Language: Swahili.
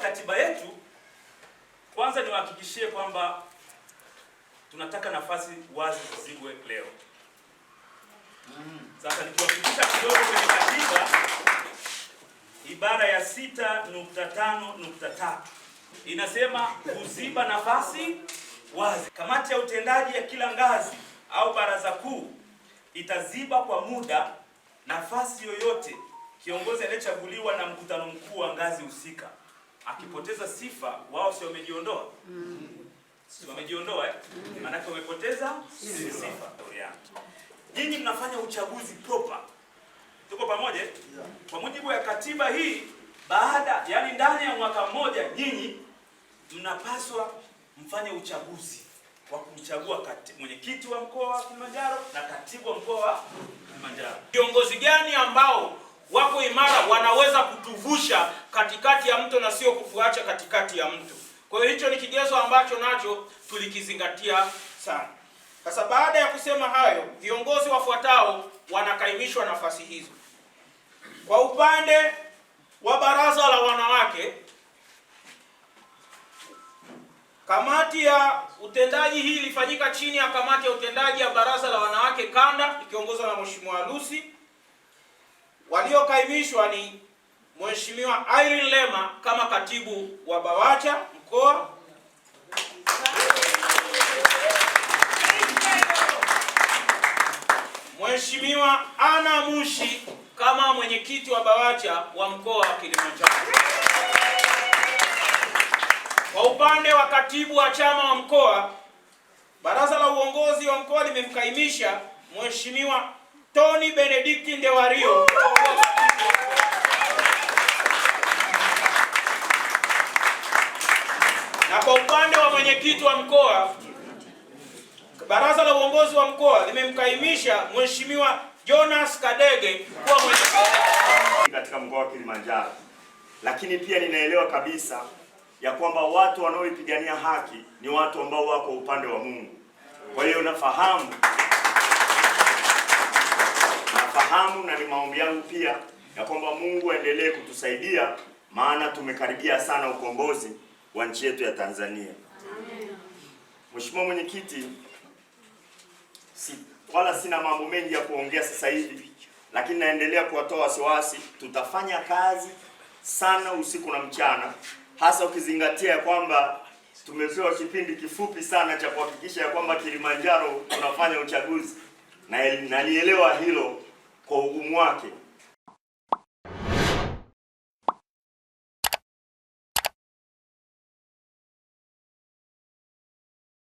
katiba yetu, kwanza niwahakikishie kwamba tunataka nafasi wazi zizibwe leo. Sasa nikuhakikisha kidogo kwenye katiba, ibara ya 6.5.3 inasema kuziba nafasi wazi. Kamati ya utendaji ya kila ngazi au baraza kuu itaziba kwa muda nafasi yoyote kiongozi anayechaguliwa na mkutano mkuu wa ngazi husika akipoteza sifa, wao si wamejiondoa? mm. si wamejiondoa eh? Maanake wamepoteza sifa, Nyinyi mnafanya uchaguzi proper, tuko pamoja eh? Kwa mujibu ya katiba hii, baada yani ndani ya mwaka mmoja nyinyi mnapaswa mfanye uchaguzi wa kumchagua mwenyekiti wa mkoa wa Kilimanjaro na katibu wa mkoa wa Kilimanjaro. kiongozi gani ambao wako imara wanaweza kutuvusha katikati ya mto na sio kufuacha katikati ya mto. Kwa hiyo hicho ni kigezo ambacho nacho tulikizingatia sana. Sasa baada ya kusema hayo, viongozi wafuatao wanakaimishwa nafasi hizo. Kwa upande wa baraza la wanawake, kamati ya utendaji hii ilifanyika chini ya kamati ya utendaji ya baraza la wanawake kanda ikiongozwa na Mheshimiwa Lucy Waliokaimishwa ni Mheshimiwa Irene Lema kama katibu wa BAWACHA mkoa, Mheshimiwa Ana Mushi kama mwenyekiti wa BAWACHA wa mkoa wa Kilimanjaro. Kwa upande wa katibu wa chama wa mkoa, baraza la uongozi wa mkoa limemkaimisha Mheshimiwa Tony Benedict Ndewario na kwa upande wa mwenyekiti wa mkoa, baraza la uongozi wa mkoa limemkaimisha Mheshimiwa Jonas Kadege kuwa mwenyekiti katika mkoa wa Kilimanjaro, lakini pia ninaelewa kabisa ya kwamba watu wanaoipigania haki ni watu ambao wako upande wa Mungu, kwa hiyo nafahamu nafahamu na ni maombi yangu pia ya kwamba Mungu aendelee kutusaidia, maana tumekaribia sana ukombozi wa nchi yetu ya Tanzania. Mheshimiwa Mwenyekiti, si, wala sina mambo mengi ya kuongea sasa hivi, lakini naendelea kuwatoa wasiwasi. Tutafanya kazi sana usiku na mchana, hasa ukizingatia ya kwamba tumepewa kipindi kifupi sana cha kuhakikisha ya kwamba Kilimanjaro tunafanya uchaguzi na nalielewa hilo kwa ugumu wake